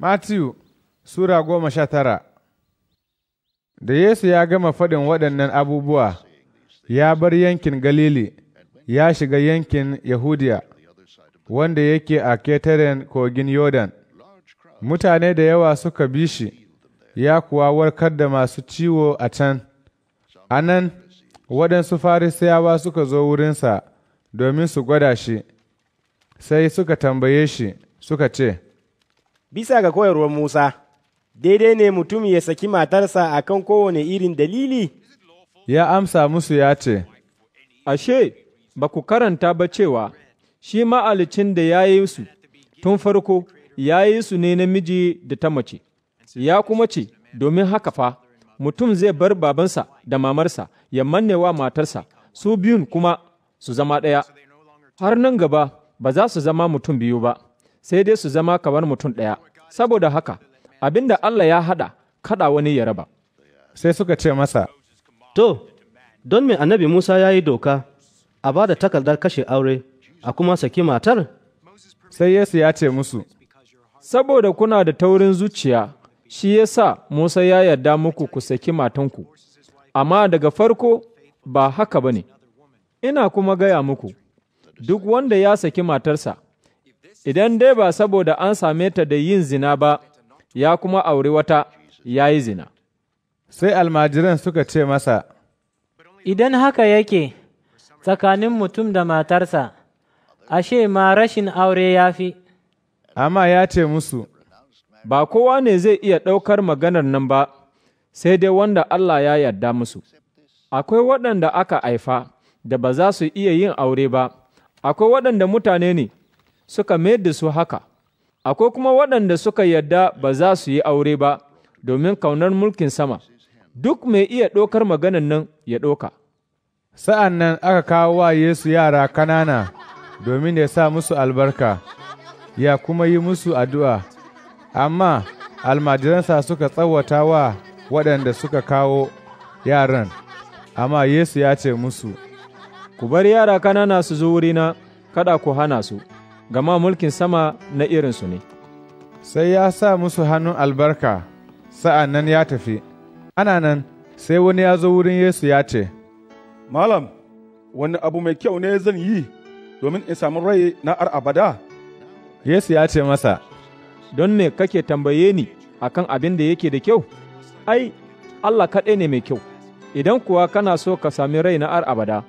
Matthew Sura goma sha tara Da Yesu ya gama faɗin waɗannan abubuwa, ya bar yankin Galili, ya shiga yankin Yahudiya, wanda yake a ketaren kogin Yodan. Mutane da yawa suka bi shi, ya kuwa warkar da masu ciwo a can. A nan, waɗansu Farisiyawa suka zo wurinsa domin su gwada shi, sai suka tambaye shi, suka ce, bisa ga koyarwar Musa, daidai ne mutum ya saki matarsa a kan kowane irin dalili? Ya amsa musu ya ce, Ashe, ba ku karanta ba cewa, shi ma'alicin da ya yi su tun farko ya yi su ne namiji da ta mace, ya kuma ce, domin haka fa, mutum zai bar babansa da mamarsa ya manne wa matarsa, su biyun kuma su zama ɗaya, har nan gaba ba za su zama mutum biyu ba. sai dai su zama kamar mutum ɗaya saboda haka abin da Allah ya haɗa kaɗa wani ya raba sai suka ce masa to don me annabi Musa ya yi doka a ba da takardar kashe aure a kuma saki matar sai Yesu ya ce musu saboda kuna da taurin zuciya shi ya sa Musa ya yarda muku ku saki matanku amma daga farko ba haka ba ne ina kuma gaya muku duk wanda ya saki matarsa idan dai ba saboda an same ta da yin zina ba, ya kuma auri wata ya yi zina. Sai almajiran suka ce masa, Idan haka yake tsakanin mutum da matarsa, ashe ma rashin aure ya fi. Amma ya ce musu, Ba kowa ne zai iya ɗaukar maganar nan ba, sai dai wanda Allah ya yarda musu. Akwai waɗanda aka haifa da ba za su iya yin aure ba, akwai waɗanda mutane ne suka mayar da su haka. Akwai kuma waɗanda suka yadda ba za su yi aure ba domin kaunar mulkin sama, duk mai iya ɗaukar maganan nan ya ɗauka. Sa'an nan aka kawo wa Yesu yara ƙanana domin ya sa musu albarka, ya kuma yi musu addu'a, amma almajiransa suka tsawata wa waɗanda suka kawo yaran, amma Yesu ya ce musu, Ku bar yara ƙanana su zo wurina, kada ku hana su. gama mulkin sama na irinsu ne. Sai ya sa musu hannun albarka, sa'an nan ya tafi. Ana nan, sai wani ya zo wurin Yesu ya ce, Malam, wani abu mai kyau ne zan yi domin in samu rai na ar abada? Yesu ya ce masa, Don ne kake tambaye ni akan abin da yake da kyau? Ai, Allah kaɗai ne mai kyau, idan kuwa kana so ka sami rai na ar abada,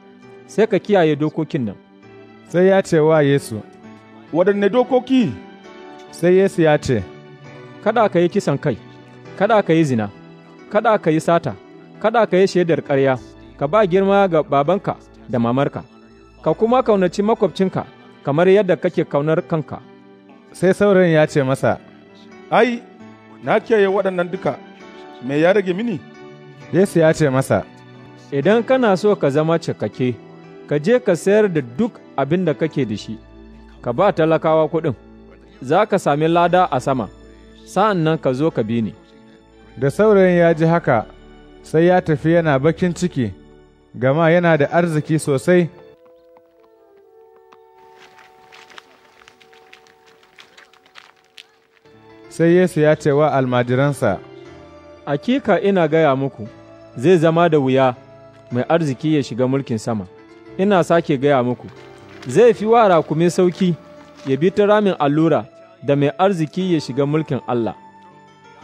sai ka kiyaye dokokin nan. Sai ya ce wa Yesu, waɗanne dokoki? Sai Yesu ya ce, Kada ka yi kisan kai, kada ka yi zina, kada ka yi sata, kada ka yi shaidar ƙarya, ka ba girma ga babanka da mamarka, ka kuma kaunaci makwabcinka kamar yadda kake kaunar kanka. Sai sauran ya ce masa, Ai, na kiyaye waɗannan duka, me ya rage mini? Yesu ya ce masa, Idan kana so ka zama cikakke, ka je ka sayar da duk abin da kake da shi. ka ba talakawa kuɗin, za ka sami lada a sama, sa'an nan ka zo ka bi ni. Da saurayin ya ji haka, sai ya tafi yana bakin ciki, gama yana da arziki sosai. Sai Yesu ya ce wa almajiransa, Akika ina gaya muku, zai zama da wuya mai arziki ya shiga mulkin sama, ina sake gaya muku. zai fi wa kuma sauki ya bi ta ramin allura da mai arziki ya shiga mulkin Allah.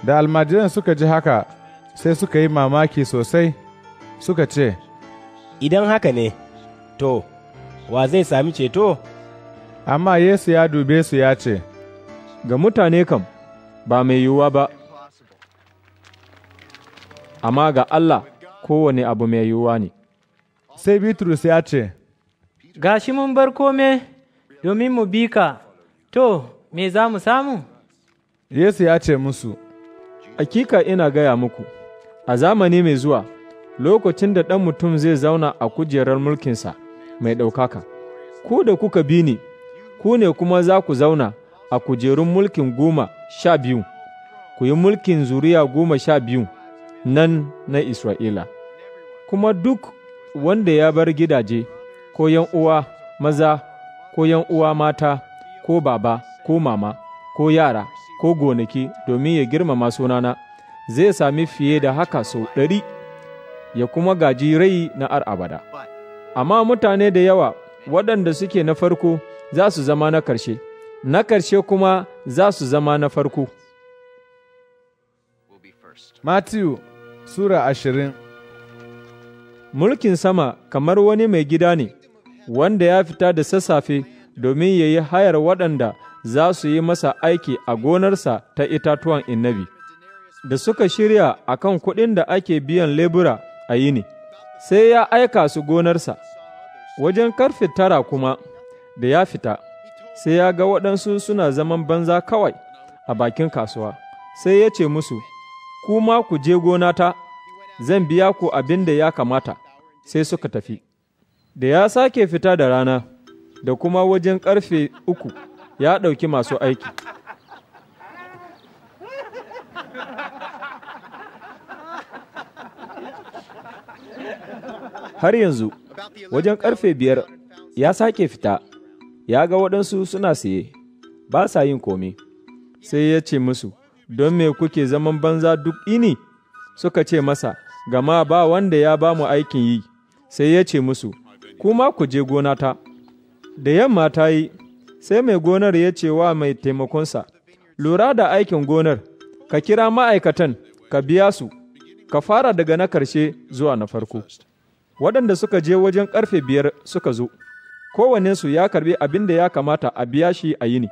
Da almajiran suka ji haka sai suka yi mamaki sosai suka ce, Idan haka ne, to, wa zai sami ceto? Amma Yesu ya dube su ya ce, Ga mutane kam, ba mai yiwuwa ba, amma ga Allah kowane abu mai yiwuwa ne. Sai Bitrus ya ce, gashi mun bar kome domin mu bi ka, to, me za mu samu? Yesu ya ce musu, hakika ina gaya muku, a zamani mai zuwa, lokacin da ɗan mutum zai zauna a kujerar mulkinsa mai ɗaukaka, ku da kuka bi ni, ku ne kuma za ku zauna a kujerun mulkin goma sha biyu, ku yi mulkin zuriya goma sha biyu nan na Isra'ila, kuma duk wanda ya bar gidaje. ko ’yan uwa maza, ko uwa mata, ko baba, ko mama, ko yara, ko gonaki domin ya girmama sunana, zai sami fiye da haka sau ɗari, ya kuma gaji rai na ar abada. Amma mutane da yawa waɗanda suke na farko za su zama na ƙarshe, na ƙarshe kuma za su zama na farko. matthew Sura ashirin Mulkin sama kamar wani mai gida ne. wanda ya fita da sassafe domin ya yi hayar waɗanda za su yi masa aiki a gonarsa ta itatuwan inabi, da suka shirya a kan kuɗin da ake biyan lebura a yini, sai ya aika su gonarsa, wajen karfe tara kuma da ya fita, sai ya ga waɗansu suna zaman banza kawai a bakin kasuwa, sai ya ce musu, Kuma ku je gonata, zan biya ku abin da ya kamata, sai suka tafi. da ya sake fita da rana da kuma wajen karfe uku ya ɗauki masu aiki. Har yanzu, wajen karfe biyar ya sake fita, ya ga waɗansu suna siye, ba sa yin komi, sai ya ce musu, don me kuke zaman banza duk ini? Suka ce masa, gama ba wanda ya ba mu aikin yi, sai ya ce musu, kuma ku je gonata. Da yamma ta yi, sai mai gonar ya ce wa mai taimakonsa, Lura da aikin gonar, ka kira ma'aikatan, ka biya su, ka fara daga na ƙarshe zuwa na farko. Waɗanda suka je wajen ƙarfe biyar suka zo, kowanninsu ya karbi abin da ya kamata a biya shi a yini.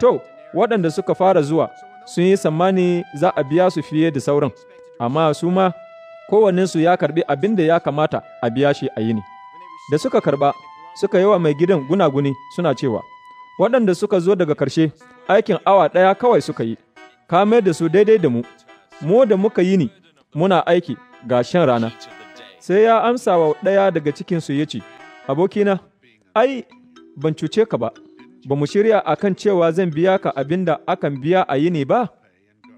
To, waɗanda suka fara zuwa sun yi tsammani za a biya su fiye da sauran, amma su ma kowanninsu ya karbi abin da ya kamata a biya shi a yini. Da suka karɓa, suka yi wa mai gidan gunaguni suna cewa, Waɗanda suka zo daga ƙarshe, aikin awa ɗaya kawai suka yi, ka mai da su daidai da mu, mu da muka yi ni, muna aiki ga shan rana. Sai ya amsa wa ɗaya daga cikinsu ya ce, Abokina, ai, ban cuce ka ba, ba mu shirya a kan cewa zan biya ka abin da akan biya a yini ba,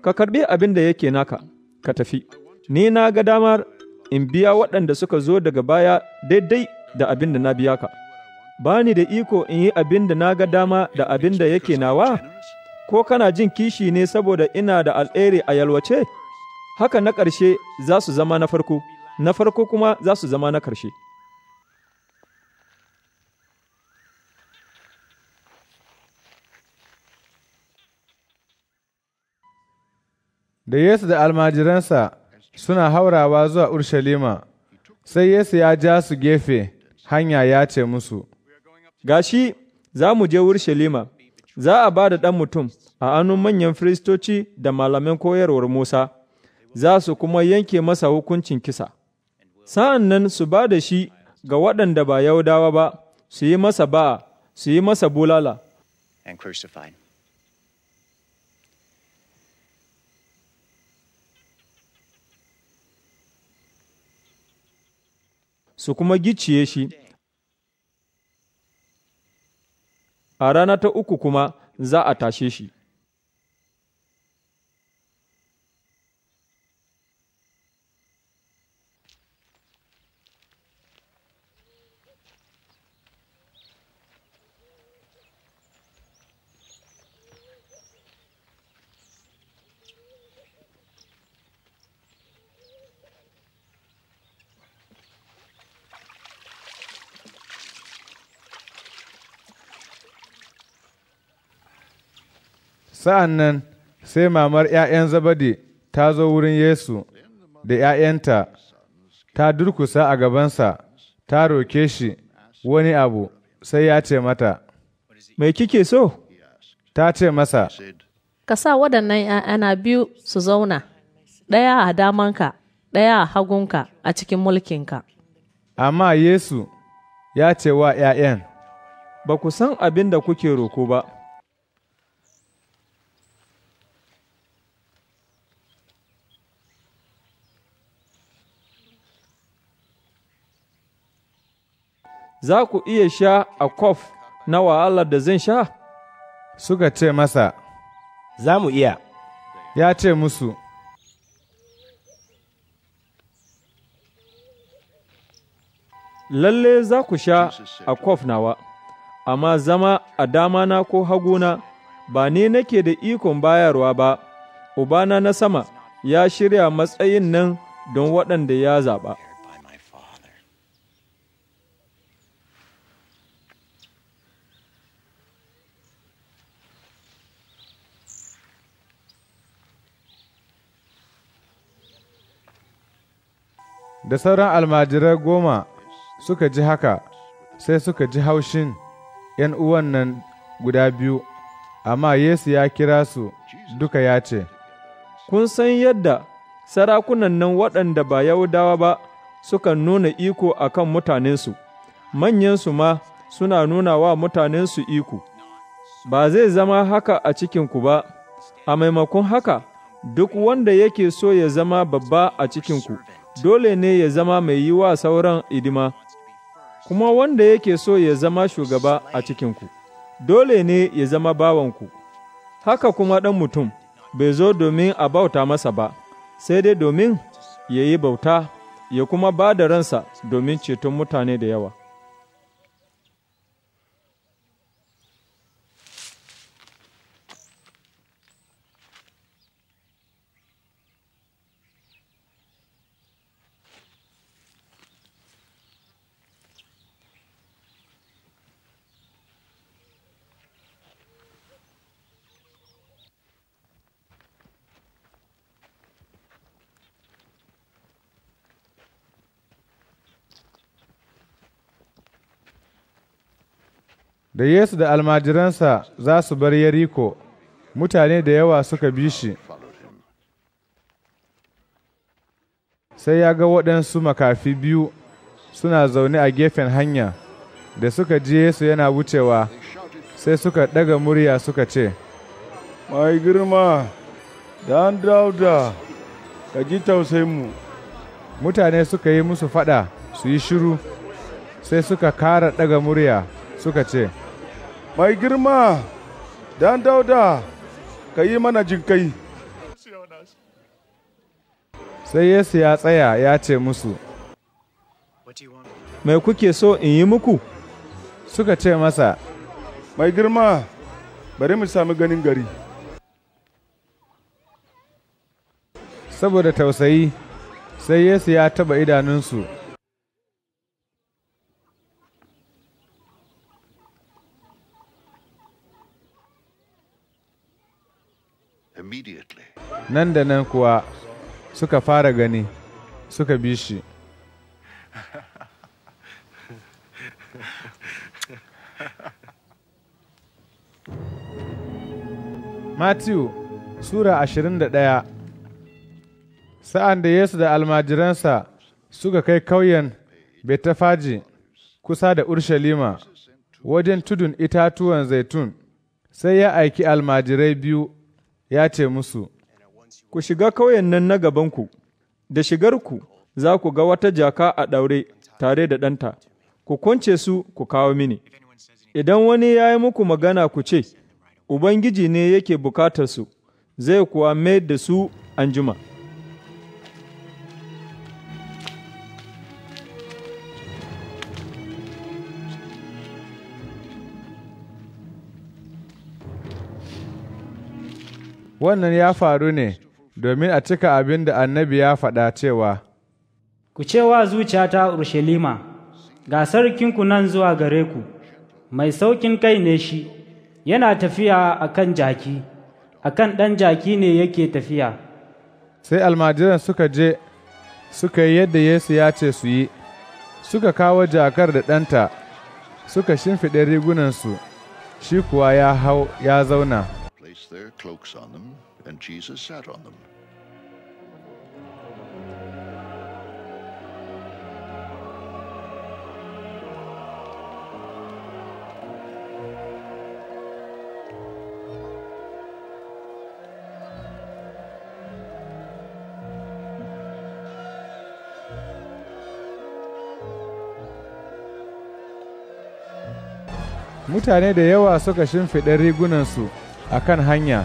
ka karɓi abin da yake naka, ka tafi. Ni na ga damar in biya waɗanda suka zo daga baya daidai da abin da na biya ka, ba ni da iko in yi abin da na ga dama da abin da yake nawa, ko kana jin kishi ne saboda ina da al'ere a yalwace? Haka na ƙarshe za su zama na farko, na farko kuma za su zama na ƙarshe. Da Yesu da almajiransa suna haurawa zuwa Urshalima, sai Yesu ya ja su gefe. hanya ya ce musu, Gashi za mu je Urshalima, za a ba da ɗan mutum a hannun manyan firistoci da malaman koyarwar Musa, za su kuma yanke masa hukuncin kisa. Sa'an nan su ba da shi ga waɗanda ba yaudawa ba, su yi masa ba'a, su yi masa bulala. su kuma giciye shi. a rana ta uku kuma za a tashe shi. Sa'an nan sai mamar ’ya'yan Zabadi ta zo wurin Yesu da ’ya'yanta, ta durkusa a gabansa, ta roke shi wani abu, sai ya ce mata, Mai kike so? Ta ce masa, Ka sa waɗannan ’ya'yana biyu su zauna, ɗaya a damanka, ɗaya a hagunka a cikin mulkinka. Amma Yesu ya ce wa ’ya'yan, Ba ku san abin da kuke roko ba. za ku iya sha a kwaf na wahalar da zan sha? Suka ce masa, Za mu iya. Ya ce musu, Lalle za ku sha a kwaf nawa, amma zama a damana ko haguna ba ni nake da ikon bayarwa ba, Ubana na sama ya shirya matsayin nan don waɗanda ya zaɓa. da sauran almajirai goma suka ji haka sai suka ji haushin ’yan uwan nan guda biyu, amma Yesu ya kira su duka ya ce, Kun san yadda sarakunan nan waɗanda ba Yahudawa ba suka nuna iko a kan mutanensu, manyansu ma suna nuna wa mutanensu iko, ba zai zama haka a cikinku ba, a maimakon haka duk wanda yake so ya zama babba a cikinku. dole ne ya zama mai yi wa sauran idima kuma wanda yake so ya zama shugaba a cikinku, dole ne ya zama bawanku, haka kuma ɗan mutum bai zo domin a bauta masa ba, sai dai domin ya yi bauta ya kuma ba da ransa domin ceton mutane da yawa. Da Yesu da almajiransa za su bar Yeriko, mutane da yawa suka bi shi, sai ya ga waɗansu makafi biyu suna zaune a gefen hanya, da suka ji Yesu yana wucewa, sai suka ɗaga murya suka ce, Mai girma, dan dauda, ka ji mu. Mutane suka yi musu faɗa su yi shiru, sai suka kara ɗaga murya suka ce, mai girma dan dauda ka yi mana jinkai sai yesu ya tsaya ya ce musu mai kuke so in yi muku suka ce masa mai girma bari mu sami ganin gari saboda tausayi sai yesu ya taba idanunsu Nan da nan kuwa suka fara gani suka bi shi. Matthew Sura ashirin da ɗaya Sa'an da Yesu da almajiransa suka kai kauyen Betafaji kusa da Urshalima wajen tudun itatuwan zaitun, sai ya aiki almajirai biyu ya ce musu, Ku shiga kauyen nan na gabanku, da shigarku za ku ga wata jaka a ɗaure tare da ɗanta, ku kwance su ku kawo mini. Idan wani ya yi muku magana ku ce, Ubangiji ne yake bukatarsu, zai kuwa mai da su anjima. Wannan ya faru ne domin a cika abin da annabi ya faɗa cewa, Ku cewa zuciyata Urushalima, ga sarkinku nan zuwa gare ku, mai saukin kai ne shi, yana tafiya a kan jaki, a kan ɗan jaki ne yake tafiya. Sai almajiran suka je, suka yi yadda Yesu ya ce su yi, suka kawo jakar da ɗanta, suka shimfiɗe rigunansu, shi kuwa ya hau ya zauna. their cloaks on them, and Jesus sat on them. mutane da yawa suka shimfiɗa rigunansu a kan hanya,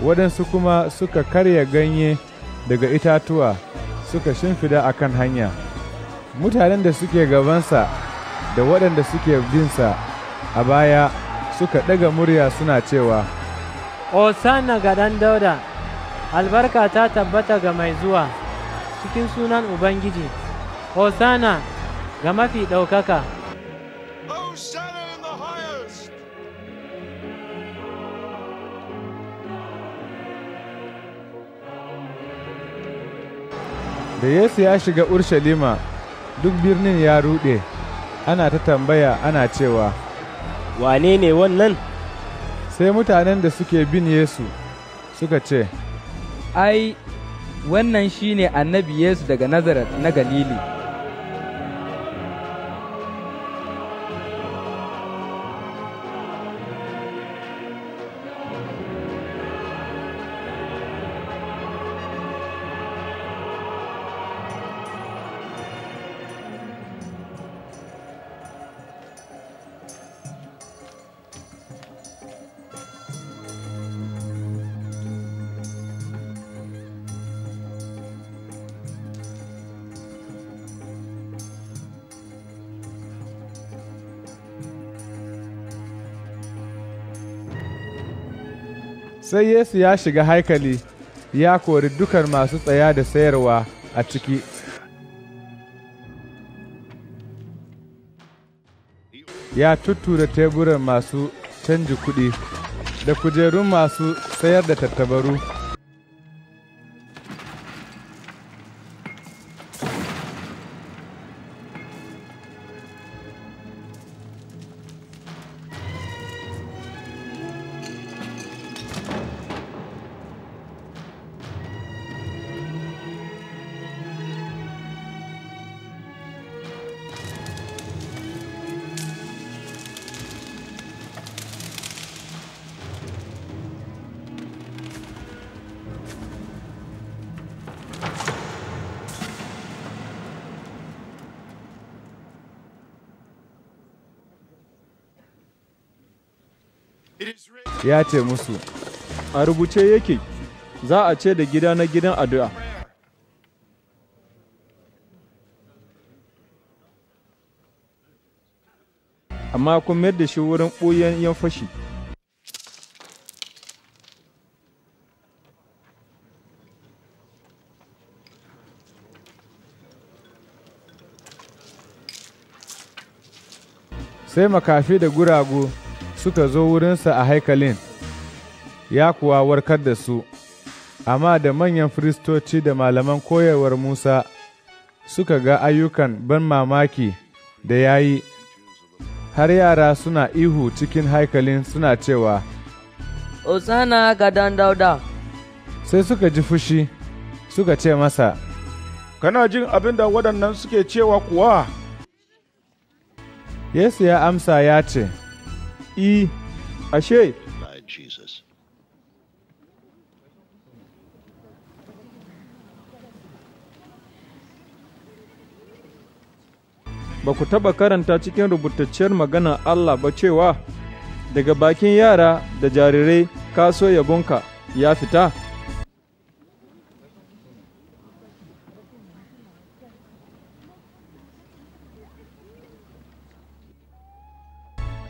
waɗansu kuma suka karya ganye daga itatuwa suka shimfida a kan hanya. Mutanen da suke gabansa da waɗanda suke binsa a baya suka ɗaga murya suna cewa, Osana ga ɗan dauda, albarka ta tabbata ga mai zuwa cikin sunan Ubangiji, Osana ga mafi ɗaukaka. Da Yesu ya shiga Urshalima, duk birnin ya ruɗe, ana ta tambaya ana cewa, Wane ne wannan? Sai mutanen da suke bin Yesu suka ce, Ai, wannan shine annabi Yesu daga Nazaret na Galili. sai Yesu ya shiga haikali ya kori dukan masu tsaya da sayarwa a ciki. Ya tuttura teburan masu canji kuɗi da kujerun masu sayar da tattabaru. ya ce musu a rubuce yake za a ce da gida na gidan addu'a amma kuma mayar da shi wurin ɓoyen yan fashi sai makafi da guragu suka zo wurinsa a haikalin, ya kuwa warkar da su, amma da manyan firistoci da malaman koyarwar Musa suka ga ayyukan ban mamaki da ya yi, har yara suna ihu cikin haikalin suna cewa, Osana ga dan dauda. Sai suka ji fushi, suka ce masa, Kana jin abin da waɗannan suke cewa kuwa? Yesu ya amsa ya ce, e ashe. Jesus. Ba ku taɓa karanta cikin rubutacciyar magana Allah ba cewa, Daga bakin yara da jarirai ka so yabonka ya fita?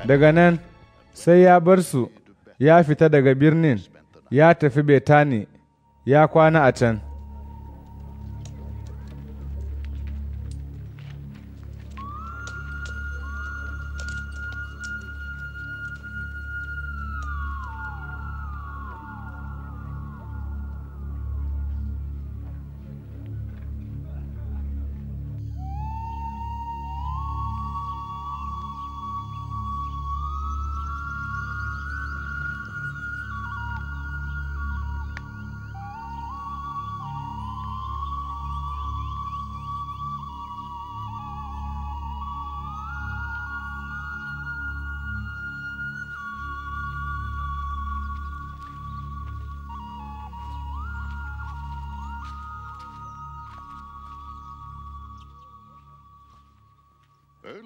Daga nan, sai ya bar su ya fita daga birnin ya tafi Betani ya kwana a can.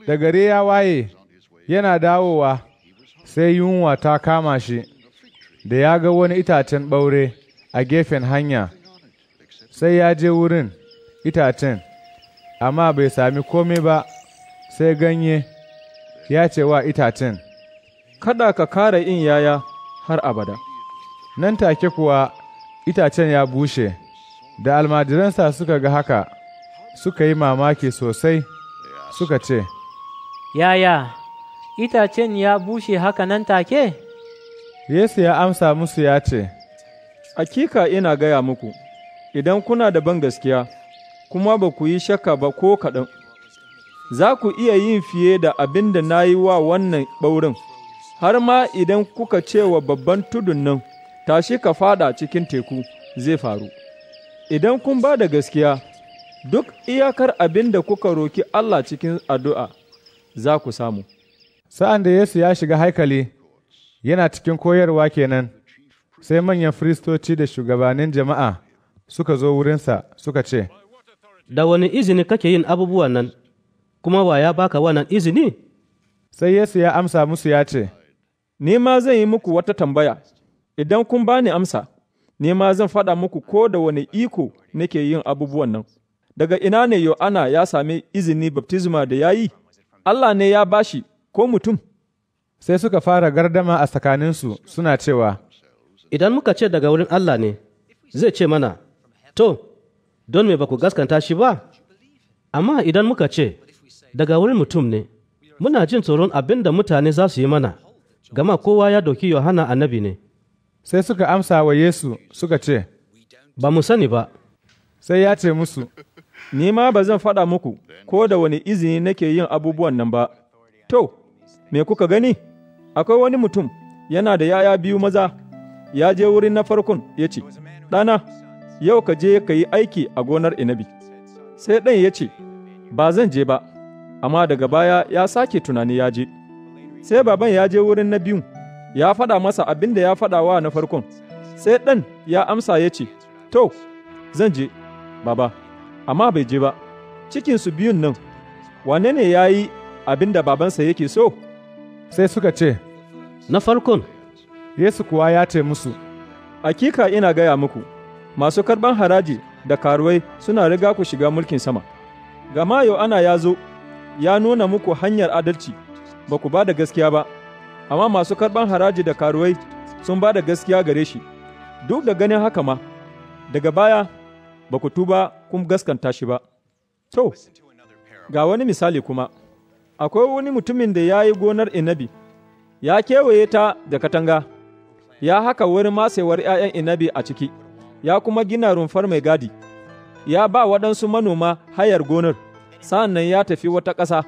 da gare ya waye yana dawowa sai yunwa ta kama shi da ya ga wani itacen ɓaure a gefen hanya sai ya je wurin itacen amma bai sami komai ba sai ganye ya ce wa itacen kada ka kara in yaya har abada nan take kuwa itacen ya bushe da almajiransa suka ga haka suka yi mamaki sosai suka ce, Yaya, itacen ya bushe haka nan take? Yesu ya amsa musu ya ce, hakika ina gaya muku, idan kuna da ban gaskiya, kuma ba ku yi shaka ba ko kaɗan, za ku iya yin fiye da abin da na yi wa wannan ɓaurin, har ma idan kuka ce wa babban tudun nan, tashi ka fada cikin teku zai faru. Idan kun ba da gaskiya, duk iyakar abin da kuka roki Allah cikin addu'a za ku samu. Sa'an da Yesu ya shiga haikali, yana cikin koyarwa kenan, sai manyan firistoci da shugabannin jama'a suka zo wurinsa suka ce, Da wani izini kake yin abubuwan nan, kuma wa ya baka wannan izini? Sai Yesu ya amsa musu ya ce, Ni ma zan yi muku wata tambaya, idan kun ba ni amsa, ni ma zan faɗa muku ko da wani iko nake yin abubuwan nan. daga ina ne Yohana ya sami izini baptisma da ya yi, Allah ne ya bashi ko mutum. Sai suka fara gardama a tsakaninsu suna cewa, Idan muka ce daga wurin Allah ne, zai ce mana, To, don me ba ku gaskanta shi ba? Amma idan muka ce, daga wurin mutum ne, muna jin tsoron abin da mutane za su yi mana, gama kowa ya doki Yohana annabi ne. Sai suka amsa wa Yesu suka ce, Ba mu sani ba. Sai ya ce musu, Ni ma ba zan faɗa muku ko da wani izini nake yin abubuwan nan ba. To, me kuka gani? Akwai wani mutum yana da yaya biyu maza, ya je wurin na farkon ya ce, Ɗana, yau ka je ka yi aiki a gonar inabi. Sai ɗan ya ce, Ba zan je ba, amma daga baya ya sake tunani ya je. Sai baban ya je wurin na biyun, ya faɗa masa abin da ya faɗa wa na farkon. Sai ɗan ya amsa ya ce, To, zan je, baba. amma bai je ba, cikinsu biyun nan, wane ne ya yi abin da babansa yake so? Sai suka ce, Na farkon, Yesu kuwa ya ce musu, Akika ina gaya muku, masu karɓan haraji da karuwai suna riga ku shiga mulkin sama, gama ana ya zo, ya nuna muku hanyar adalci, ba ku ba da gaskiya ba, amma masu karɓan haraji da karuwai sun ba da gaskiya gare shi, duk da ganin haka ma, daga baya ba ku tuba kun gaskanta shi ba. To, ga wani misali kuma, akwai wani mutumin da ya yi gonar inabi, ya kewaye ta da katanga, ya haka wurin masewar ’ya'yan inabi a ciki, ya kuma gina rumfar mai gadi, ya ba waɗansu manoma hayar gonar, sa'an ya tafi wata ƙasa.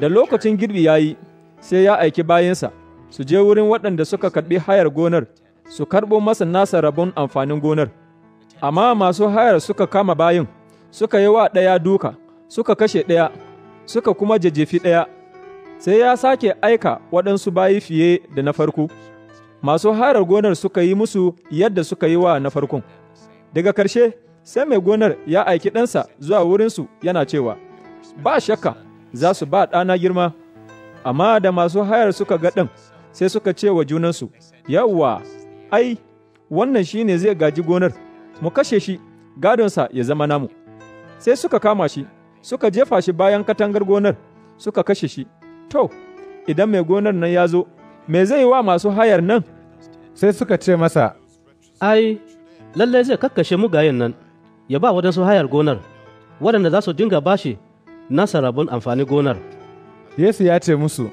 Da lokacin girbi ya yi, sai ya aiki bayansa, su je wurin waɗanda suka karɓi hayar gonar, su karɓo masa nasa rabon amfanin gonar. Amma masu hayar suka kama bayin, suka yi wa ɗaya duka, suka kashe ɗaya, suka kuma jajjefi ɗaya, sai ya sake aika waɗansu bayi fiye da na farko. Masu harar gonar suka yi musu yadda suka yi wa na farkon. Daga karshe sai mai gonar ya aiki ɗansa zuwa wurinsu yana cewa, Ba shakka za su ba ɗana girma, amma da masu hayar suka ga ɗan, sai suka ce wa junansu, Yawwa, ai, wannan shine zai gaji gonar. mu kashe shi gadonsa ya zama namu. Sai suka kama shi, suka jefa shi bayan katangar gonar, suka kashe shi. To, idan mai gonar nan ya zo, me zai wa masu hayar nan? Sai suka ce masa, Ai, lallai zai kakkashe mugayen nan, ya ba waɗansu hayar gonar, waɗanda za su dinga bashi nasa rabon amfani gonar. Yesu ya ce musu,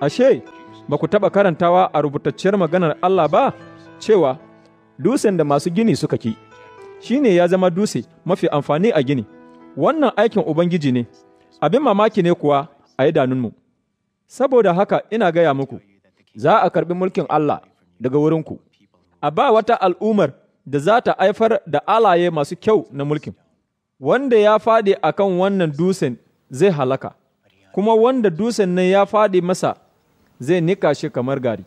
Ashe, ba ku taɓa karantawa a rubutacciyar maganar Allah ba, cewa, dusen da masu gini suka ki. shi ne ya zama dutse mafi amfani a gini, wannan aikin Ubangiji ne, abin mamaki ne kuwa a idanunmu. Saboda haka ina gaya muku, za a karɓi mulkin Allah daga wurinku, a ba wata al'ummar da za ta haifar da alaye masu kyau na mulkin, wanda ya faɗi a kan wannan dutsen zai halaka, kuma wanda dutsen nan ya faɗi masa zai nika shi kamar gari.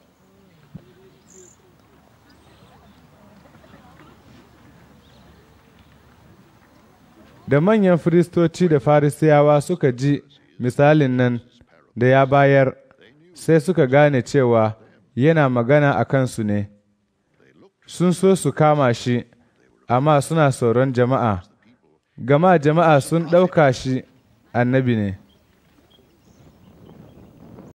Da manyan firistoci da farisiyawa suka ji misalin nan da ya bayar, sai suka gane cewa yana magana a kansu ne. Sun so su kama shi, amma suna tsoron jama'a, gama jama'a sun ɗauka shi annabi ne.